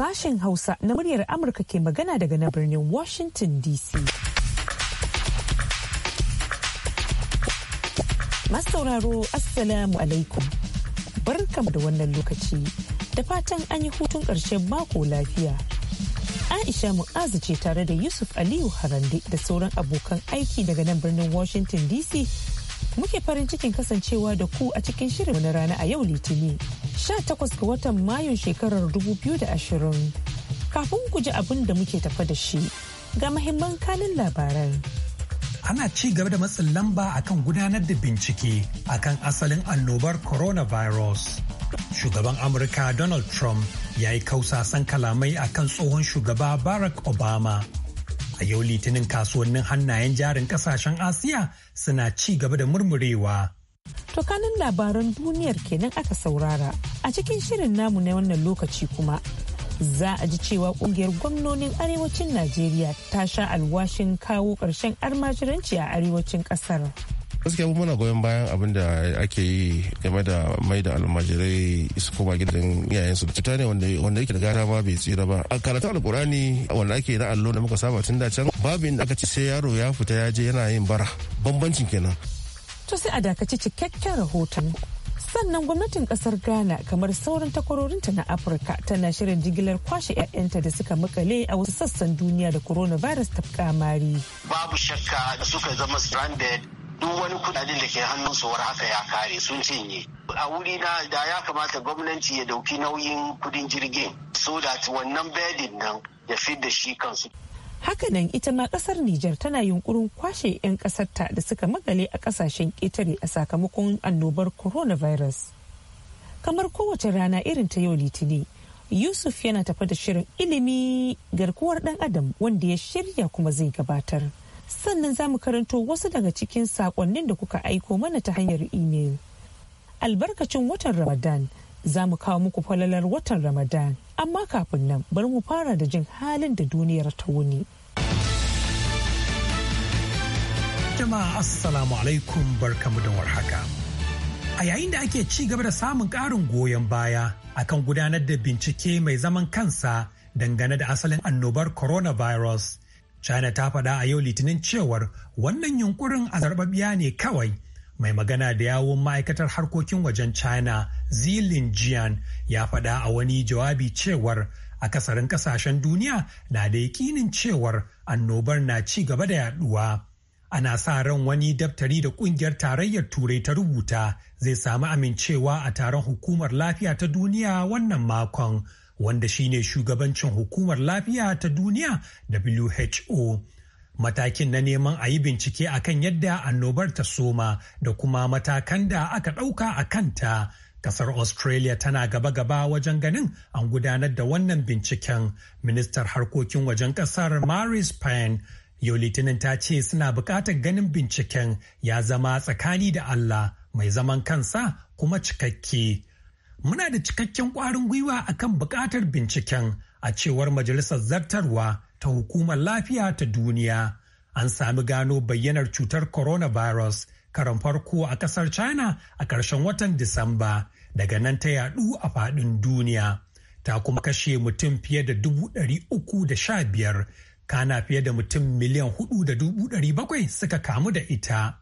sashen Hausa na muryar Amurka ke magana daga na birnin Washington DC. Masauraro Assalamu alaikum. Barkam da wannan lokaci da fatan an yi hutun ƙarshen mako lafiya. Aisha Mu'azu ce tare da Yusuf Aliyu Harande da sauran abokan aiki daga nan birnin Washington DC Muke farin cikin kasancewa da ku a cikin shirin na rana a yau Litini, 18 ga watan Mayun shekarar 2020. Kafin ku ji abin da muke tafa da shi, ga mahimman kanin labaran. Ana ci gaba da matsin lamba akan gudanar da bincike akan asalin annobar coronavirus. Shugaban Amurka Donald Trump ya yi kausasan kalamai akan tsohon shugaba Barack Obama A yau litinin kasuwannin hannayen jarin kasashen Asiya suna ci gaba da murmurewa. To kanin labaran duniyar kenan aka saurara a cikin shirin namu na wannan lokaci kuma. Za a ji cewa kungiyar gwamnonin arewacin Najeriya ta sha alwashin kawo ƙarshen armajiranci a arewacin ƙasar. gaskiya mu muna goyon bayan abin da ake yi game da mai da almajirai su koma gidan su cuta ne wanda yake da gara ba bai tsira ba a karatu alkurani wanda ake na allo da muka saba tun da can babu inda aka ce sai yaro ya fita ya je yana yin bara bambancin kenan to sai a dakaci cikakken rahoton sannan gwamnatin kasar ghana kamar sauran takwarorin ta na afirka tana shirin jigilar kwashe 'ya'yanta da suka makale a wasu sassan duniya da coronavirus ta kamari babu shakka da suka zama stranded duk wani kudaden da ke hannun su war haka ya kare sun cinye a wuri na da ya kamata gwamnati ya dauki nauyin kudin jirgin so da wannan bedin nan ya fi da shi kansu hakanan ita ma kasar Nijar tana yunkurin kwashe 'yan kasarta da suka magale a kasashen ƙetare a sakamakon annobar coronavirus kamar kowace rana irin ta yau litini yusuf yana tafa da shirin ilimi garkuwar ɗan adam wanda ya shirya kuma zai gabatar sannan za mu karanto wasu daga cikin saƙonnin da kuka aiko mana ta hanyar imel. Albarkacin watan Ramadan za mu kawo muku falalar watan Ramadan, amma kafin nan bari mu fara da jin halin da duniyar ta wuni. Jama'a Assalamu alaikum barkamu da warhaka. A yayin da ake ci gaba da samun ƙarin goyon baya akan gudanar da bincike mai zaman kansa dangane da asalin annobar coronavirus. china ta faɗa a yau litinin cewar wannan yunkurin a zarbabbiya ne kawai mai magana da yawon ma'aikatar harkokin wajen china zilin jian ya faɗa a wani jawabi cewar akasarin kasashen duniya na da yakinin cewar annobar na ci gaba da yaduwa ana sa ran wani daftari da kungiyar tarayyar turai ta rubuta zai sami amincewa a taron hukumar lafiya ta duniya wannan makon wanda shine shugabancin hukumar lafiya ta duniya WHO. Matakin na neman a yi bincike akan yadda annobar ta soma da kuma matakan da aka ɗauka a kanta. Kasar Australia tana gaba-gaba wajen ganin an gudanar da wannan binciken. Ministar harkokin wajen kasar Maris Payne yau litinin ta ce suna buƙatar ganin binciken ya zama tsakani da Allah mai zaman kansa kuma cikakke. muna da cikakken ƙwarin gwiwa a kan buƙatar binciken a cewar majalisar zartarwa ta hukumar lafiya ta duniya an sami gano bayyanar cutar coronavirus karan farko a ƙasar china a ƙarshen watan disamba daga nan ta yaɗu a faɗin duniya ta kuma kashe mutum fiye da dubu ɗari uku da sha biyar kana fiye da mutum miliyan hudu da dubu ɗari bakwai suka kamu da ita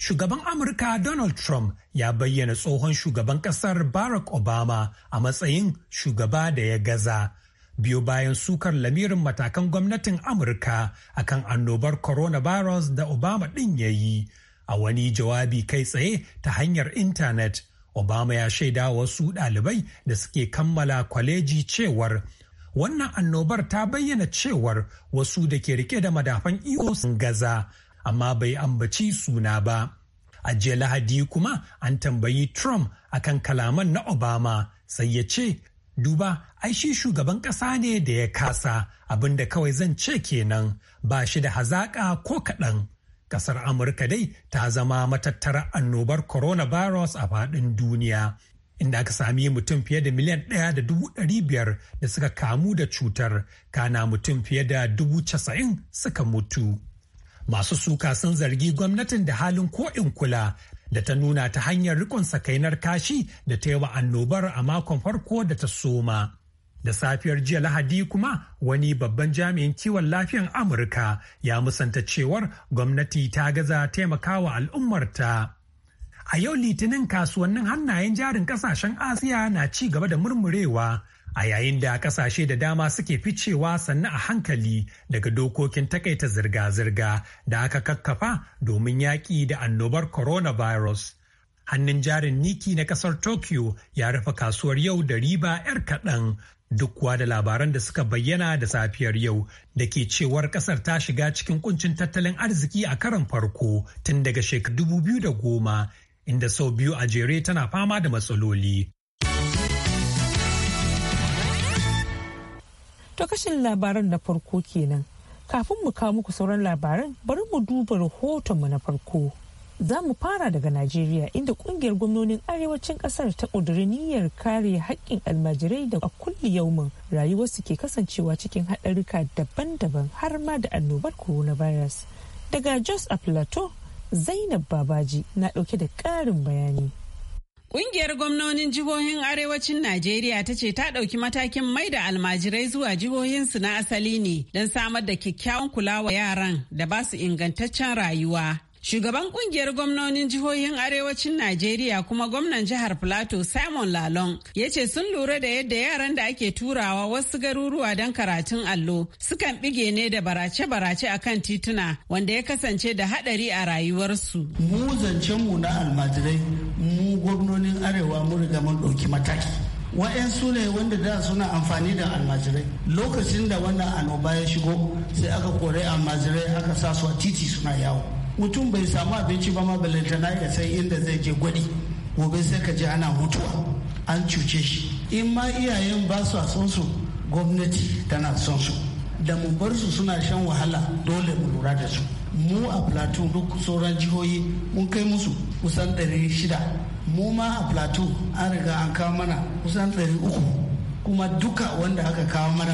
Shugaban Amurka Donald Trump ya bayyana tsohon shugaban ƙasar Barack Obama a matsayin shugaba da ya gaza. Biyo bayan sukar lamirin matakan gwamnatin Amurka akan annobar coronavirus da Obama ɗin ya yi. A wani jawabi kai tsaye ta hanyar intanet, Obama ya shaida wasu ɗalibai da suke kammala kwaleji cewar wannan annobar ta bayyana cewar wasu da ke rike da madafan iko sun gaza amma bai ambaci suna ba. A jiya Lahadi kuma an tambayi Trump akan kalaman na Obama sai ya ce, Duba, ai shi shugaban ƙasa ne da ya kasa abinda kawai zan ce kenan ba shi da hazaƙa ko kaɗan. Ƙasar Amurka dai ta zama matattara annobar coronavirus a faɗin duniya. inda aka sami mutum fiye da miliyan ɗaya da dubu ɗari biyar da suka kamu da cutar kana mutum fiye da dubu casa'in suka mutu. masu suka sun zargi gwamnatin da halin ko'in kula da ta nuna ta hanyar rikon sakainar kashi da ta yi wa annobar a makon farko da ta soma. Da safiyar jiya Lahadi kuma wani babban jami'in kiwon lafiyan Amurka ya musanta cewar gwamnati ta gaza taimakawa al'ummarta. A yau litinin kasuwannin hannayen jarin kasashen Asiya na ci gaba da murmurewa a yayin da kasashe da dama suke ficewa sannu a hankali daga dokokin takaita zirga-zirga da aka kakkafa domin yaƙi da annobar coronavirus. Hannun jarin Niki na kasar Tokyo ya rufe kasuwar yau da riba 'yar kaɗan duk kuwa da labaran da suka bayyana da safiyar yau da ke cewar kasar ta shiga cikin kuncin tattalin arziki a karon farko tun daga shekaru 2010 inda sau biyu a jere tana fama da matsaloli. To kashin labaran na farko kenan. Kafin mu kawo muku sauran labaran bari mu duba rahotonmu na farko. Za mu fara daga Najeriya inda kungiyar gwamnonin arewacin kasar ta ƙudiri niyyar kare haƙƙin almajirai da a kulli yaumin rayuwarsu ke kasancewa cikin haɗarika daban-daban har ma da annobar coronavirus. Daga Jos a Plateau, Zainab Babaji na ɗauke da ƙarin bayani. Ƙungiyar gwamnonin jihohin Arewacin Najeriya ta ce ta ɗauki matakin mai da almajirai zuwa jihohinsu na asali ne don samar da kyakkyawan kula wa yaran da ba su ingantaccen rayuwa. Shugaban kungiyar gwamnonin jihohin Arewacin Najeriya kuma gwamnan jihar Plateau Simon Lalong ya ce sun lura da yadda yaran da ake turawa wasu garuruwa don karatun allo sukan bige ne da barace-barace a kan tituna wanda ya kasance da haɗari a rayuwarsu. Mu zancenmu na almajirai mu gwamnonin arewa mu riga mun ɗauki mataki wa'yansu ne wanda da suna amfani da almajirai lokacin da wannan annoba ya shigo sai aka kore almajirai aka sa su a titi suna yawo mutum bai samu abinci ba ma balantana ya sai inda zai je gwadi gobe sai ka je ana mutuwa an cuce shi in ma iyayen ba su a son gwamnati tana son su da mu bar su suna shan wahala dole mu lura da su mu a plateau duk sauran jihohi mun kai musu kusan 600 mu ma a plateau an riga an kawo mana kusan 300 kuma duka wanda aka kawo mana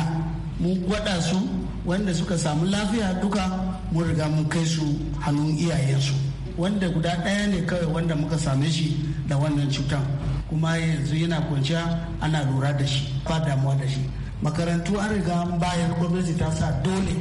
mun gwada su wanda suka samu lafiya duka mun riga mun kai su hannun iyayensu wanda guda ɗaya ne kawai wanda muka same shi da wannan cutan kuma yanzu yana kwanciya ana lura da shi ba damuwa da shi makarantu an riga bayan gwamnati ta sa dole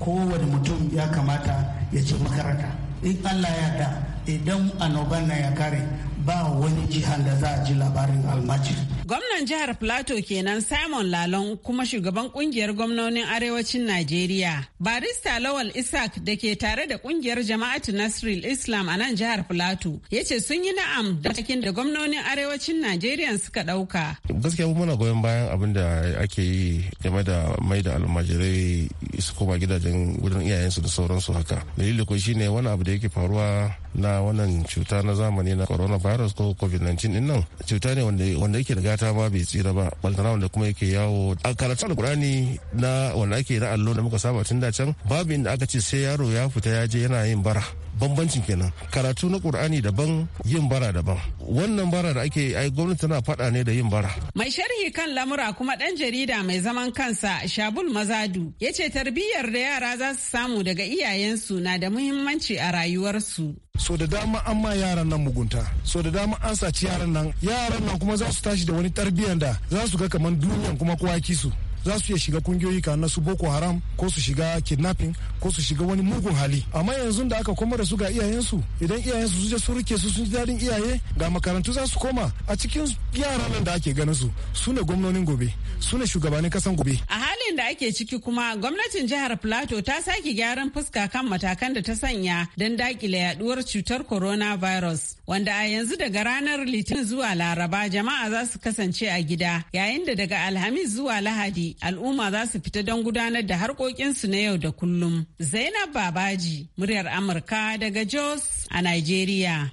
kowane mutum ya kamata ya ci makaranta in allah ya da idan annoban na ya kare ba wani jihar da za a ji labarin almajiri Gwamnan jihar Plateau kenan Simon Lalon kuma shugaban kungiyar gwamnonin arewacin Najeriya. Barista Lawal Isaac da ke tare da kungiyar jama'atu Nasril Islam a nan jihar Plateau ya ce sun yi na'am da cikin da gwamnonin arewacin Najeriya suka ɗauka. Gaskiya mu muna goyon bayan abin da ake yi game da mai da almajirai su koma gidajen wurin iyayensu da sauransu haka. Dalilin ko shine wani abu da yake faruwa na wannan cuta na zamani na coronavirus ko covid-19 din nan cuta ne wanda yake daga gata ma bai tsira ba baltana wanda kuma yake yawo a karatun alkurani na wanda ake na allo da muka saba tun da can babu inda aka ce sai yaro ya fita ya je yana yin bara bambancin kenan karatu na qur'ani daban yin bara daban wannan bara da ake ai gwamnati tana fada ne da yin bara mai sharhi kan lamura kuma dan jarida mai zaman kansa shabul mazadu ya ce tarbiyyar da yara za su samu daga iyayensu na da muhimmanci a rayuwarsu so da dama an ma yaran nan mugunta so da dama an saci yaran nan yaran nan kuma za su tashi da wani tarbiyyar da za su ga kamar duniyan kuma kowa kisu za su iya shiga kungiyoyi ka na su boko haram ko su shiga kidnapping ko su shiga wani mugun hali amma yanzu da aka koma da su ga iyayensu idan iyayensu su je su rike su sun ji dadin iyaye ga makarantu za su koma a cikin yaran nan da ake ganin su su ne gwamnonin gobe su ne shugabannin kasan gobe a halin da ake ciki kuma gwamnatin jihar plateau ta sake gyaran fuska kan matakan da ta sanya don dakile yaduwar cutar coronavirus wanda a yanzu daga ranar litinin zuwa laraba jama'a za su kasance a gida yayin da daga alhamis zuwa lahadi al'umma za su fita don gudanar da harkokinsu na yau da kullum. Zainab Babaji, muryar Amurka daga Jos a Nigeria.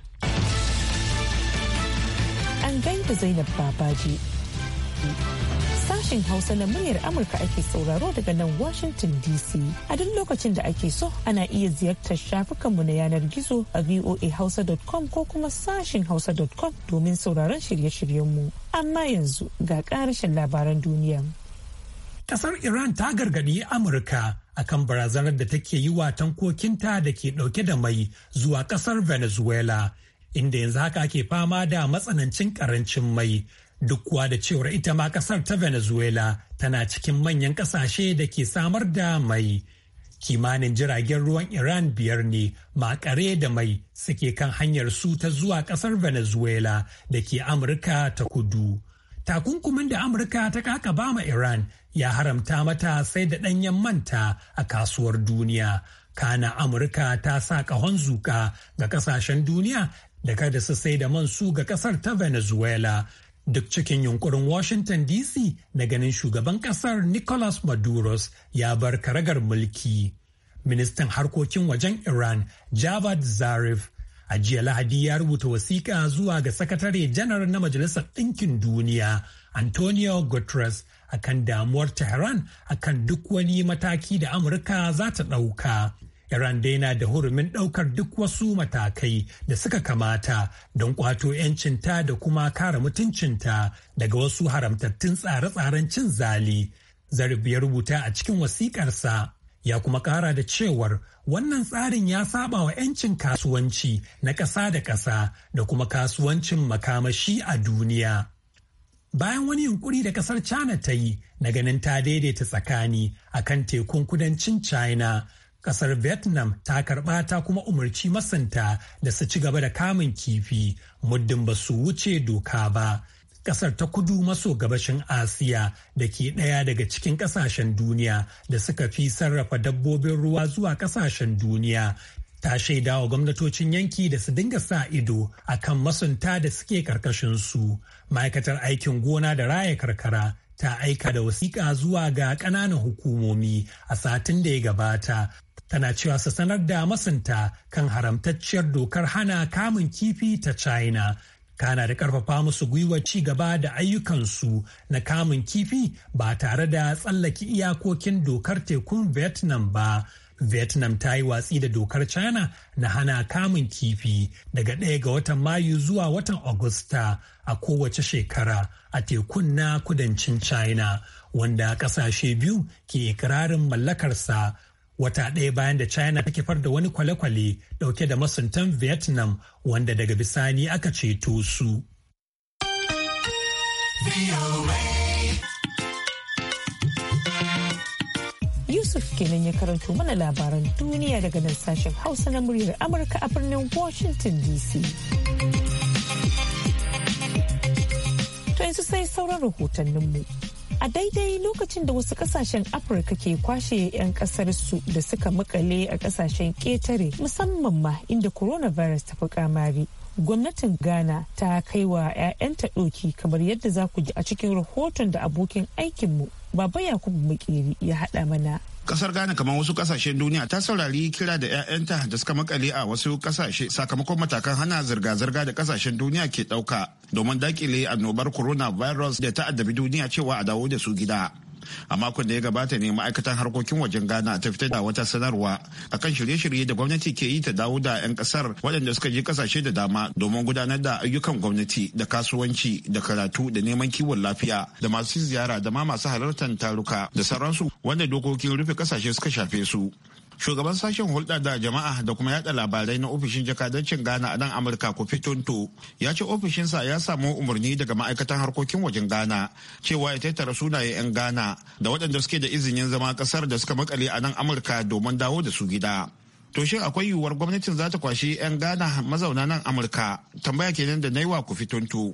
An gaida Zainab Babaji. Sashen Hausa na muryar Amurka ake sauraro daga nan Washington DC. A duk lokacin da ake so ana iya ziyartar shafukanmu na yanar gizo a voahausa.com ko kuma sashen hausa.com domin sauraron shirye-shiryenmu. Amma yanzu ga ƙarashin labaran duniya. Kasar Iran ta gargadi Amurka akan barazanar da take yi wa tankokinta da ke ɗauke da mai zuwa kasar Venezuela, inda yanzu haka ake fama da matsanancin karancin mai. Duk kuwa da cewar ita ma kasar ta Venezuela tana cikin manyan kasashe da ke samar da mai. kimanin jiragen ruwan Iran biyar ne makare da mai suke kan hanyar su ta zuwa kasar Venezuela da ke Amurka ta kudu. takunkumin da amurka ta ƙaƙabama ma iran ya haramta mata sai da ɗanyen manta a kasuwar duniya kana amurka ta sa ƙahon zuƙa ga ƙasashen duniya da kada su sai da man su ga ƙasar ta venezuela duk cikin yunkurin washington dc na ganin shugaban ƙasar nicolas maduros ya bar karagar mulki ministan harkokin wajen iran javad zarif A jiya Lahadi ya rubuta wasiƙa zuwa ga sakatare janar na Majalisar Ɗinkin Duniya, Antonio Guterres, akan damuwar Tehran akan duk wani mataki da Amurka za ta ɗauka. Iran dai na da hurumin ɗaukar duk wasu matakai da suka kamata don ƙwato 'yancinta da kuma kare mutuncinta daga wasu haramtattun tsare-tsaren cin zali. Zarif ya rubuta a cikin wasiƙarsa ya kuma kara da cewar wannan tsarin ya saba wa 'yancin kasuwanci na ƙasa da ƙasa da kuma kasuwancin makamashi a duniya. Bayan wani yunkuri da ƙasar China ta yi na ganin ta daidaita tsakani a kan tekun kudancin China, ƙasar Vietnam ta karɓa ta kuma umarci masanta da su ci gaba da kamun kifi muddin ba su wuce doka ba. kasar ta kudu maso gabashin asiya da ke ɗaya daga cikin ƙasashen duniya da suka fi sarrafa dabbobin ruwa zuwa ƙasashen duniya ta shaida wa gwamnatocin yanki da su dinga sa ido a kan masunta da suke su ma'aikatar aikin gona da raya karkara ta aika da wasiƙa zuwa ga ƙananan hukumomi a satin da ya gabata tana cewa su sanar da masunta kan haramtacciyar dokar hana kamun kifi ta china kana da karfafa musu gwiwa ci gaba da ayyukansu na kamun kifi ba tare da tsallake iyakokin dokar tekun vietnam ba vietnam ta yi watsi da dokar china na hana kamun kifi daga ɗaya ga watan mayu zuwa watan agusta a kowace shekara a tekun na kudancin china wanda ƙasashe biyu ke ikirarin mallakarsa wata ɗaya bayan da china take kifar da wani kwale-kwale dauke da masuntan vietnam wanda daga bisani aka ceto su yusuf kenan ya karanto mana labaran duniya daga nan sashen hausa na muryar amurka a birnin washington dc to yanzu sai sauran mu. a daidai lokacin da wasu kasashen afirka ke kwashe 'yan su da suka makale a kasashen ƙetare musamman ma inda coronavirus ta fi kamari gwamnatin ghana ta kai wa 'ya'yanta ɗoki kamar yadda za ku ji a cikin rahoton da abokin aikinmu baba yakubu makeri ya haɗa mana kasar ghana kamar wasu kasashen duniya ta saurari kira da 'ya'yanta da suka makale a wasu kasashe sakamakon matakan hana zirga-zirga da kasashen duniya ke ɗauka domin dakile annobar coronavirus da ta addabi duniya cewa a dawo da su gida a makon da ya gabata ne ma'aikatan harkokin wajen ghana ta fitar da wata sanarwa akan shirye-shirye da gwamnati ke yi ta dawo da 'yan kasar waɗanda suka je kasashe da dama domin gudanar da ayyukan gwamnati da kasuwanci da karatu da neman kiwon lafiya da masu ziyara da ma masu halartar taruka da sauransu wanda dokokin rufe kasashe suka shafe su shugaban sashen hulɗa da jama'a da kuma yada labarai na ofishin jakadancin ghana a nan amurka kofitonto ya ce ofishinsa ya samu umarni daga ma'aikatan harkokin wajen ghana cewa ya tattara sunayen 'yan ghana da waɗanda suke da izinin zama ƙasar da suka makale a nan amurka domin dawo da su gida To shin akwai yiwuwar gwamnatin za ta kwashi 'yan gana mazauna nan Amurka? Tambaya kenan da na yi wa ku fituntu.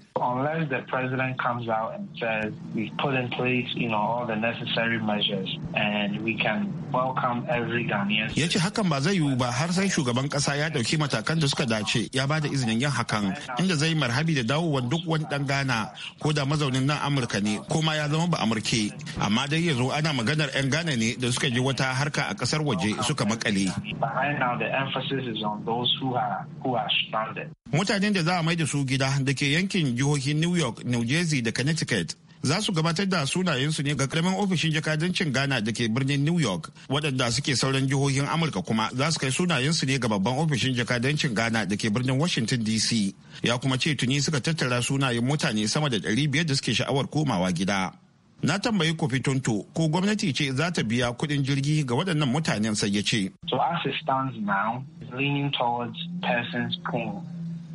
Ya ce hakan ba zai yiwu ba har sai shugaban kasa ya dauki matakan da suka dace ya ba da izinin yin hakan inda zai marhabi da dawowar duk wani dan Ghana ko da mazaunin nan Amurka ne ko ma ya zama ba Amurke. Amma dai yanzu ana maganar 'yan gana ne da suka ji wata harka a kasar waje suka makale. right Mutanen da za a maida su gida da ke yankin jihohin New York, New Jersey da Connecticut za su gabatar da sunayensu ne ga karamin ofishin jakadancin Ghana da ke birnin New York waɗanda suke sauran jihohin Amurka kuma za su kai sunayensu ne ga babban ofishin jakadancin Ghana da ke birnin Washington DC ya kuma ce tuni suka tattara sunayen mutane sama da 500 da suke sha'awar komawa gida. Na tambayi ko gwamnati ce za ta biya kuɗin jirgi ga waɗannan mutanen sai ya ce. So as it stands now, leaning towards persons pool,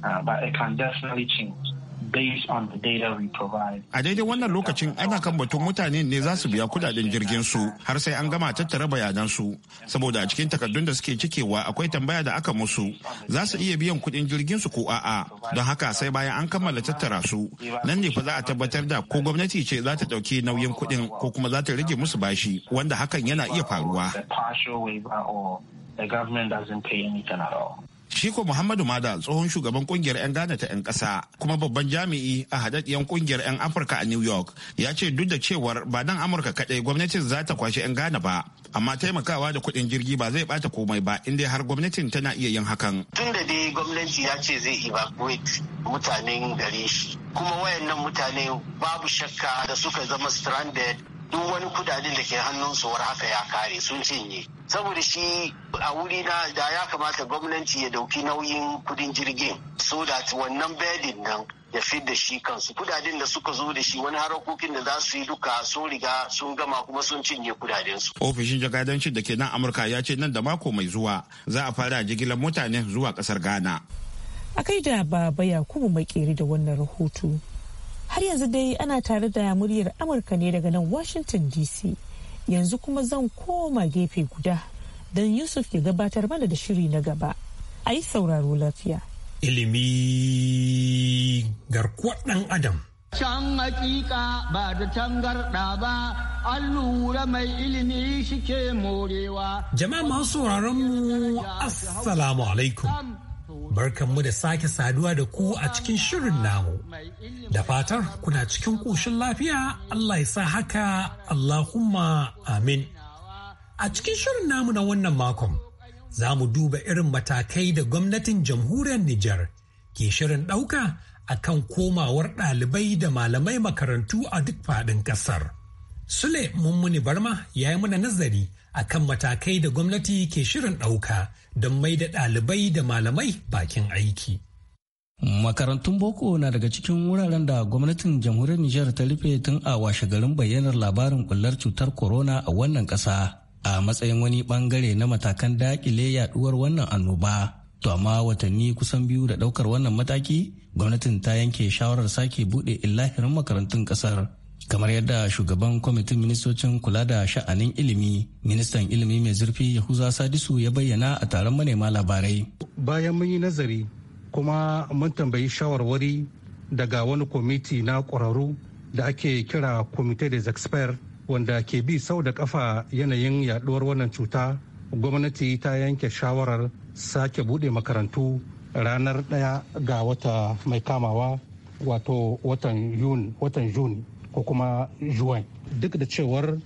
uh, but it can definitely change. based on the data we provide. A daidai wannan lokacin ana kan batun mutane ne za su biya kudaden jirgin su har sai an gama tattara bayanan su saboda a cikin takardun da suke cikewa akwai tambaya da aka musu za su iya biyan kudin jirgin su ko a'a don haka sai bayan an kammala tattara su nan ne fa za a tabbatar da ko gwamnati ce za ta dauki nauyin kudin ko kuma za ta rage musu bashi wanda hakan yana iya faruwa. The government doesn't pay Shiko Muhammadu Mada tsohon shugaban kungiyar 'yan Ghana ta 'yan ƙasa kuma babban jami'i a hadad'iyan kungiyar 'yan Afirka a New York ya ce duk da cewar ba dan Amurka kaɗai gwamnatin za ta kwashe 'yan Ghana ba amma taimakawa da kuɗin jirgi ba zai bata komai ba inda har gwamnatin tana iya yin hakan. Tun da dai gwamnati ya ce zai evacuate mutanen gare shi kuma wayannan mutane babu shakka da suka zama stranded duk wani kudaden da ke hannunsu war haka ya kare sun cinye saboda shi a wuri na da ya kamata gwamnati ya dauki nauyin kudin jirgin so da wannan bedin nan ya fi da shi kansu kudaden da suka zo da shi wani harakokin da za su yi duka sun riga sun gama kuma sun cinye kudadensu. ofishin jakadancin da ke nan amurka ya ce nan da mako mai zuwa za a fara jigilar mutane zuwa kasar ghana a kai da baba yakubu makeri da wannan rahoto har yanzu dai ana tare da muryar amurka ne daga nan washington dc yanzu kuma zan koma gefe guda don yusuf ya gabatar mana da shiri na gaba a yi sauraro lafiya ilimi garkuwar dan adam Can hakika ba da tangarɗa ba, an lura mai ilimi shike morewa. Jama'a masu sauraron mu, Assalamu alaikum. Barkanmu da sake saduwa da ku a cikin shirin namu. Da fatar kuna cikin ƙoshin lafiya Allah ya sa haka Allahumma amin. A cikin shirin namu na wannan makon, za mu duba irin matakai da gwamnatin jamhuriyar Nijar ke shirin ɗauka a kan komawar ɗalibai da malamai makarantu a duk faɗin ƙasar. Sule Mummuni Barma ya yi mana nazari akan matakai da gwamnati ke shirin ɗauka don mai da ɗalibai da malamai bakin aiki. Makarantun boko na daga cikin wuraren da gwamnatin jamhuriyar Nijar ta rufe tun a washe garin bayyanar labarin kullar cutar corona a wannan ƙasa a matsayin wani ɓangare na matakan daƙile yaɗuwar wannan annoba. To amma watanni kusan biyu da ɗaukar wannan mataki, gwamnatin ta yanke shawarar sake buɗe illahirin makarantun ƙasar. kamar yadda shugaban kwamitin ministocin kula da sha'anin ilimi ministan ilimi mai zurfi yahuza sadisu ya bayyana a taron manema labarai bayan mun yi nazari kuma mun tambayi shawarwari daga wani kwamiti na ƙwararru da ake kira kwamite da experts wanda ke bi sau da kafa yanayin yaduwar wannan cuta gwamnati ta yanke shawarar sake bude makarantu ranar ɗaya ga wata mai kamawa wato watan yuni ko kuma juwan duk da cewar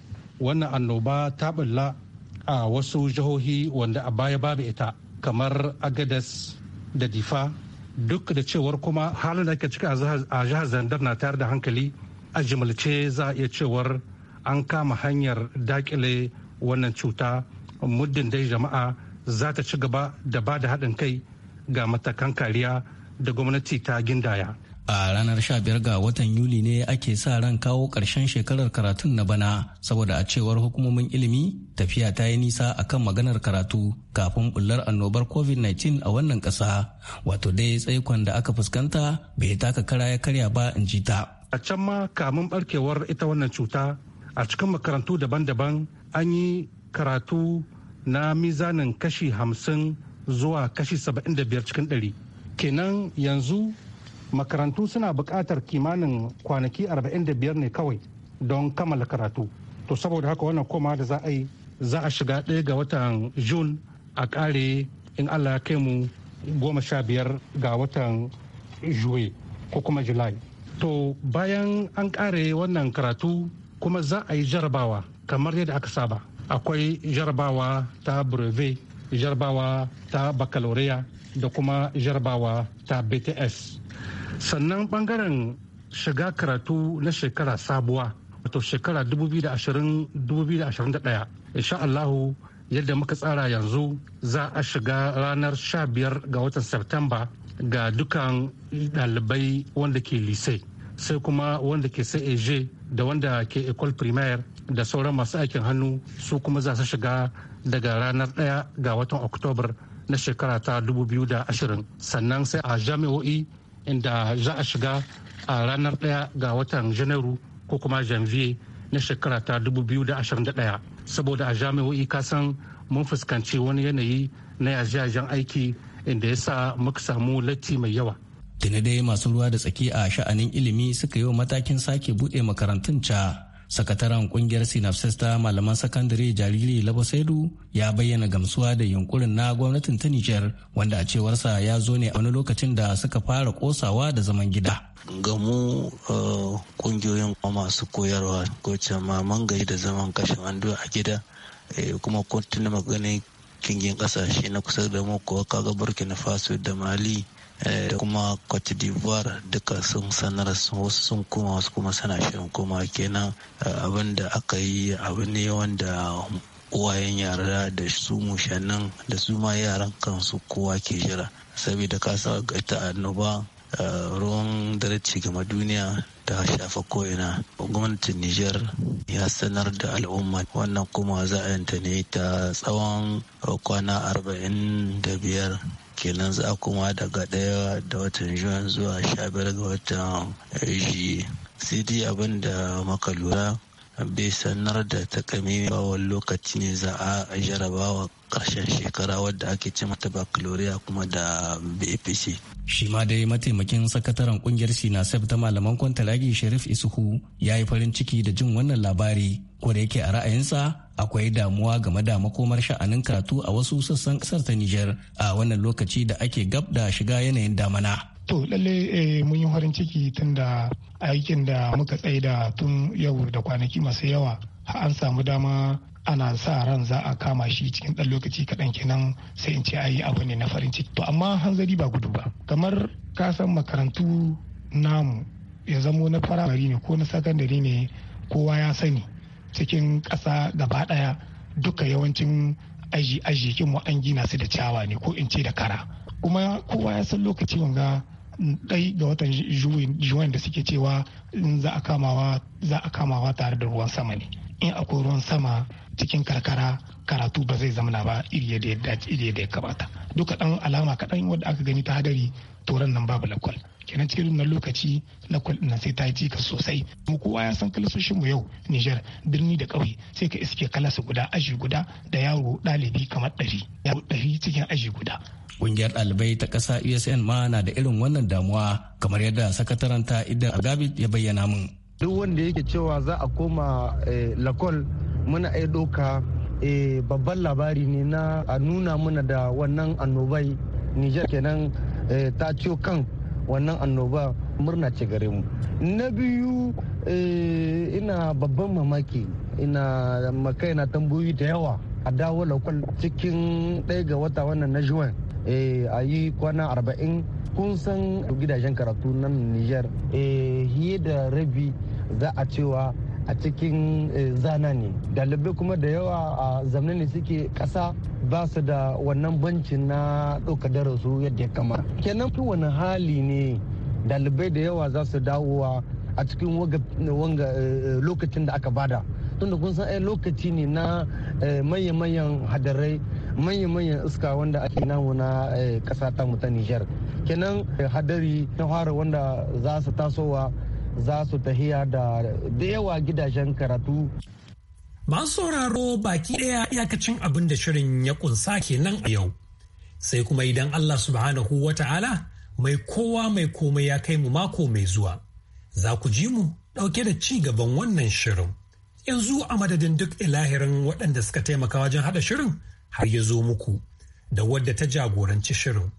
wannan annoba ta bulla a wasu jihohi wanda a baya babu ita kamar agadas da difa duk da cewar kuma halin da ke cika a jihar zandar na tare da hankali a jimilce za a iya cewar an kama hanyar dakile wannan cuta muddin dai jama'a za ta ci gaba da ba da haɗin kai ga matakan kariya da gwamnati ta gindaya a ranar 15 ga watan yuli ne ake sa ran kawo ƙarshen shekarar karatun na bana saboda a cewar hukumomin ilimi tafiya ta yi nisa akan maganar karatu kafin bullar annobar covid-19 a wannan kasa wato dai tsaikon da aka fuskanta bai taka kara ya karya ba in ji ta a can ma kamun barkewar ita wannan cuta a cikin makarantu daban-daban an yi karatu na mizanin kashi hamsin zuwa kashi saba'in da biyar cikin ɗari kenan yanzu makarantu suna bukatar kimanin kwanaki 45 ne kawai don kammala karatu to saboda haka wannan koma da za a yi za a shiga ɗaya ga watan jun a ƙare in allah ya kai mu goma sha biyar ga watan juwe ko kuma july to bayan an ƙare wannan karatu kuma za a yi jarabawa kamar yadda aka saba akwai jarabawa ta brevet jarabawa ta baccalaureate da kuma jarabawa ta bts sannan bangaren shiga karatu na shekara sabuwa wato shekara 2020-2021 insha Allahu yadda muka tsara yanzu za a shiga ranar 15 ga watan Septemba ga dukan ɗalibai wanda ke lisai sai kuma wanda ke sai da wanda ke ecole primaire da sauran masu aikin hannu su kuma za su shiga daga ranar 1 ga watan oktobar na shekara ta 2020 sannan sai a jami'o'i inda za a shiga a ranar ɗaya ga watan janairu ko kuma janvier na shekara ta 2021 saboda a jami'o'i kasan mun fuskanci wani yanayi na yajajen aiki inda ya sa muka samu latti mai yawa tuni masu ruwa da tsaki a sha'anin ilimi suka yi wa matakin sake buɗe makarantun ca sakataren kungiyar synapses ta malaman sakandare jariri labasaidu ya bayyana gamsuwa da yunkurin na gwamnatin ta nijar wanda a cewarsa ya zo ne a wani lokacin da suka fara kosawa da zaman gida gamu uh, kungiyoyin masu koyarwa ko maman gari da zaman kashin ando a gida eh, kuma kuntunan maganin kingin kasashe na kusa da mu kuwa kaga burkina faso da mali Eh, da kuma cote d'ivoire duka sun sanar wasu sun koma wasu kuma suna shirin koma kenan eh, abin da aka yi abu ne wanda uwayen yara da su mushannin da su ma yaran kansu kowa ke jira saboda kasa ga ta annoba eh, ruwan dare ci gama duniya ta shafa ko'ina gwamnatin niger ya sanar da al'umma wannan kuma za yanta ne ta tsawon kwana 45 kenan za kuma daga daya da watan juwan zuwa sha ga watan juye sai dai abin da muka lura bai sanar da takamaimai bawon lokaci ne za a jarabawa karshen shekara wadda ake ce mata baccalaureate kuma da bapc shi ma dai mataimakin sakataren kungiyar sinasef ta malaman kwantaragi sharif isuhu ya yi farin ciki da jin wannan labari ko da yake a ra'ayinsa akwai damuwa game da makomar sha'anin karatu a wasu sassan kasar ta niger a wannan lokaci da ake gab da shiga yanayin damana To lalle eh, mun yi farin ciki tun da aikin da muka tsaida tun yau da kwanaki masu yawa an samu dama ana sa ran za a kama shi cikin ɗan lokaci kaɗan kenan sai in ce ayi abu ne na farin ciki. To amma hanzari ba gudu ba. Kamar ka san makarantu namu ya zamo na firamare ne ko na sakandare ne kowa ya sani cikin ƙasa gaba ɗaya duka yawancin aji aji mu an gina su da ciyawa ne ko in ce da kara. Kuma kowa ya san lokaci wanga dai ga watan juwan da suke cewa za a kamawa za a kamawa tare da ruwan sama ne in akwai ruwan sama cikin karkara karatu ba zai zamana ba iri da ya kamata duka ɗan alama kadan wadda aka gani ta hadari toran nan babu lakwal kenan cikin na lokaci na ɗin sai ta yi cika sosai mu kowa ya san kalasoshin mu yau Nijar birni da ƙauye sai ka iske kalasa guda aji guda da yaro ɗalibi kamar ɗari yaro ɗari cikin aji guda Ƙungiyar ɗalibai ta kasa USN ma na da irin wannan damuwa kamar yadda sakataren ta Idan Agabi ya bayyana mun Duk wanda yake cewa za a koma eh, lakol muna iya doka eh, babban labari ne na a nuna muna da wannan annobai Nijar kenan eh, ta ciyo kan wannan annoba murna ce gare mu na biyu eh, ina babban mamaki ina makai na tambayoyi da yawa a dawo lakwal cikin ɗaya ga wata wannan na juwan eh, a yi kwana arba'in kun san gidajen karatu nan niger hiye eh, da rabi za a cewa a cikin eh, zana ne dalibai kuma da yawa a zamani ne suke kasa ba su da wannan banci na ɗauka darasu yadda ya kama kenan fi wani hali ne dalibai da yawa za su dawowa a cikin wanga eh, lokacin da aka bada tunda kun san lokaci ne na eh, manya-manyan hadarai manya-manyan iska wanda ake namu na kasa ta mu ta nijar kenan hadari na fara wanda za su tasowa za su tahiya da da yawa gidajen karatu masu sauraro baki ɗaya iyakacin abin da shirin ya kunsa kenan a yau sai kuma idan Allah subhanahu wa ta'ala mai kowa mai komai ya kai mu mako mai zuwa za ku ji mu ɗauke da ci gaban wannan shirin yanzu a madadin duk ilahirin waɗanda suka taimaka wajen haɗa shirin har ya zo muku da wadda ta jagoranci shirin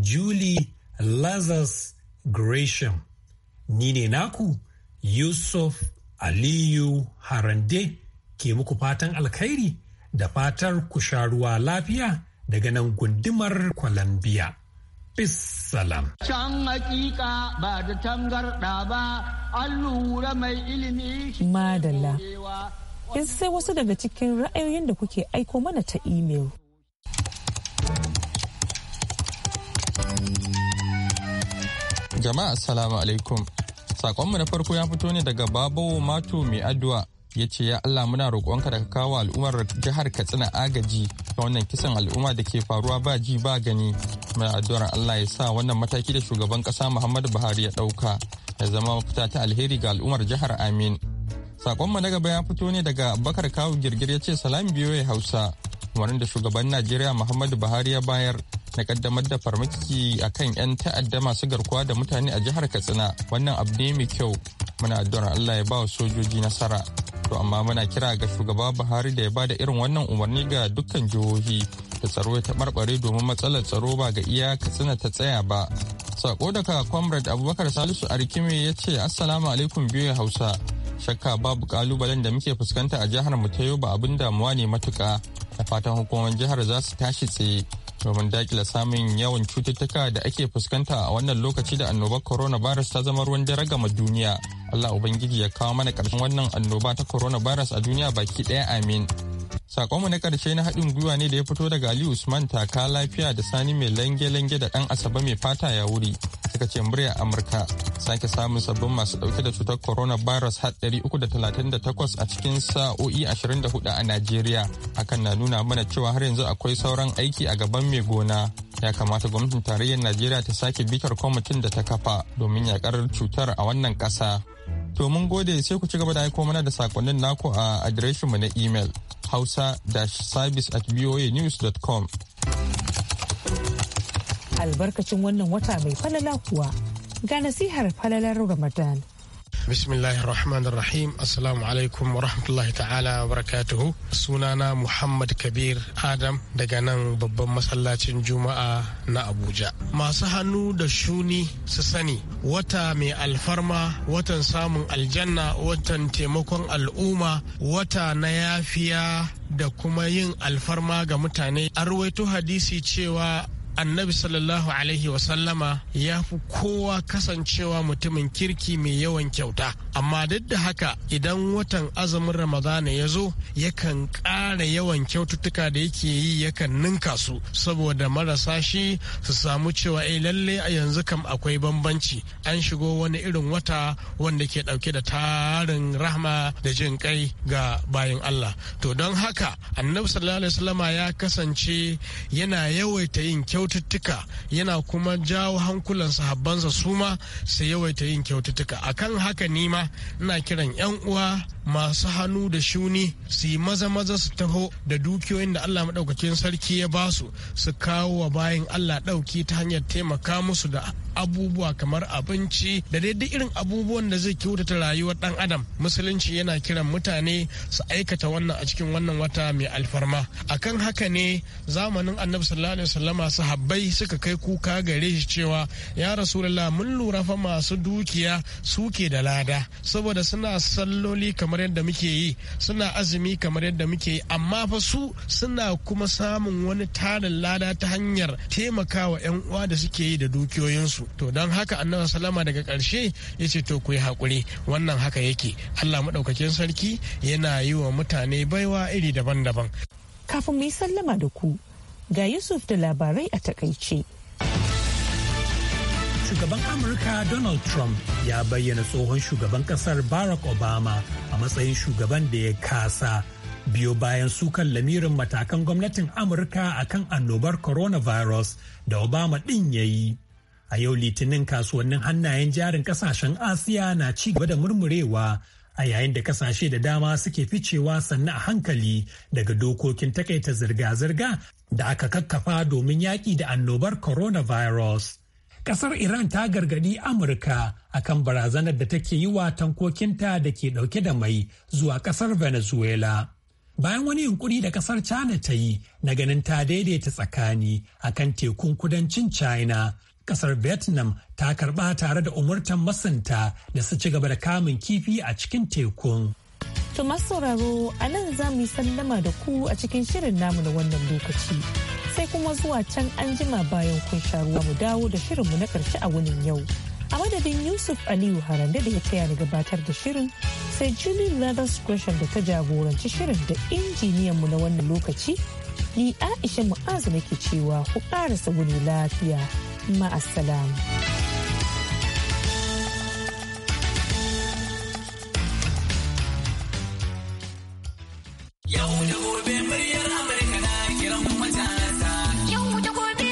julie lazarus gresham Ni ne naku Yusuf Aliyu Harande ke muku fatan alkhairi da fatar ku sha ruwa lafiya daga nan gundumar Colombia. Bissalam. Can hakika ba da tangarɗa ba, an lura mai ilimi. shi. Madalla. in sai wasu daga cikin ra'ayoyin da kuke aiko mana ta imel. Jama'a salamu alaikum. Sakonmu na farko ya fito ne daga Babawo Mato mai addu'a ya ce ya Allah muna roƙonka da ka kawo al'ummar jihar Katsina agaji ta wannan kisan al'umma da ke faruwa ba ji ba gani. Muna addu'ar Allah ya sa wannan mataki da shugaban ƙasa Muhammadu Buhari ya ɗauka ya zama mafita ta alheri ga al'ummar jihar Amin. Sakonmu na gaba ya fito ne daga Bakar Kawu Girgir ya ce salam biyo Hausa. umarnin da shugaban najeriya muhammadu buhari ya bayar na kaddamar da farmaki a kan 'yan ta'adda masu garkuwa da mutane a jihar katsina wannan abu ne mai kyau muna addu'ar allah ya ba wa sojoji nasara to amma muna kira ga shugaba buhari da ya ba da irin wannan umarni ga dukkan jihohi da tsaro ya taɓarɓare domin matsalar tsaro ba ga iya katsina ta tsaya ba sako ka comrade abubakar salisu arkime ya ce assalamu alaikum biyu ya hausa shakka babu kalubalen da muke fuskanta a jihar mu ta ba abin damuwa ne matuka da fatan hukumomin jihar za su tashi tsaye domin dakila samun yawan cututtuka da ake fuskanta a wannan lokaci da annobar coronavirus ta zama ruwan dare gama duniya allah ubangiji ya kawo mana karshen wannan annoba ta coronavirus a duniya baki daya amin sakonmu na karshe na haɗin gwiwa ne da ya fito daga ali usman taka lafiya da sani mai lange-lange da ɗan asaba mai fata ya wuri suka ce muryar Amurka sake samun sabbin masu dauke da cutar corona coronavirus har 338 a cikin sa'o'i 24 a Najeriya. Hakan na nuna mana cewa har yanzu akwai sauran aiki a gaban mai gona. Ya kamata gwamnatin tarayyar Najeriya ta sake bitar kwamitin da ta kafa domin yakar cutar a wannan kasa. To mun gode sai ku ci gaba da aiko mana da sakonnin naku a mu na imal hausa-service at voanews.com albarkacin wannan wata mai falala kuwa ga nasihar falalar ramadan bismillahir rahmanir rahim assalamu alaikum wa rahmatullahi ta'ala wa barakatuhu sunana muhammad kabir adam daga nan babban masallacin juma'a na abuja masu hannu da shuni su sani wata mai alfarma watan samun aljanna watan taimakon al'umma wata na yafiya da kuma yin alfarma ga mutane a hadisi cewa annabi sallallahu alaihi wasallama ya fi kowa kasancewa mutumin kirki mai yawan kyauta amma duk da haka idan watan azumin ramadana ya zo yakan ƙara yawan kyaututtuka da yake yi yakan ninka su saboda marasa shi su samu cewa eh lalle a yanzu kam akwai bambanci an shigo wani irin wata wanda ke dauke da tarin rahma da jin kai ga bayan Allah to don haka annabi sallallahu alaihi wasallama ya kasance yana yawaita yin kyautu kyaututtuka yana kuma jawo hankulan sahabbansa su ma su yawaita yin kyaututtuka akan haka nima ma ina kiran yan uwa masu hannu da shuni su yi maza maza su taho da dukiyoyin da Allah maɗaukakin sarki ya ba su su kawo wa bayan Allah ɗauki ta hanyar taimaka musu da abubuwa kamar abinci da daidai irin abubuwan da zai kyautata rayuwar ɗan adam musulunci yana kiran mutane su aikata wannan a cikin wannan wata mai alfarma akan haka ne zamanin annabi sallallahu alaihi wasallama su sahabbai suka kai kuka gare shi cewa ya rasulullah mun lura fa masu dukiya suke da lada saboda suna salloli kamar yadda muke yi suna azumi kamar yadda muke yi amma fa su suna kuma samun wani tarin lada ta hanyar taimakawa 'yan uwa da suke yi da dukiyoyinsu to don haka annabi salama daga karshe ya ce to ku yi hakuri wannan haka yake allah maɗaukakin sarki yana yi wa mutane baiwa iri daban-daban kafin mu yi sallama da ku ga Yusuf da labarai a takaice. Shugaban Amurka Donald Trump ya bayyana tsohon shugaban kasar Barack Obama a matsayin shugaban da ya kasa biyo bayan sukan lamirin matakan gwamnatin Amurka a kan annobar coronavirus da Obama ɗin ya yi. A yau litinin kasuwannin hannayen jarin kasashen Asiya na ci gaba da murmurewa a yayin da kasashe da dama suke ficewa sannan a hankali daga dokokin takaita zirga-zirga da aka kakkafa domin yaƙi da annobar coronavirus. Ƙasar Iran ta gargaɗi Amurka akan barazanar da take yi wa tankokinta da ke ɗauke da mai zuwa ƙasar Venezuela. Bayan wani yunkuri da ƙasar China ta yi na ganin ta daidaita tsakani akan tekun kudancin China, ƙasar Vietnam ta karɓa tare da umurtan masunta da su ci gaba da kamun kifi a cikin tekun. To sauraro a nan za mu yi sallama da ku a cikin shirin namu na wannan lokaci. Sai kuma zuwa can an jima bayan kun sha ruwa mu dawo da shirinmu na ƙarshe a wunin yau. A madadin Yusuf Aliyu Harande da ya taya ni gabatar da shirin sai Julie Leathers Gresham da ta jagoranci shirin da injiniyanmu na wannan lokaci. Ni Aisha Mu'azu nake cewa ku ƙarasa wuni lafiya. Ma'assalam.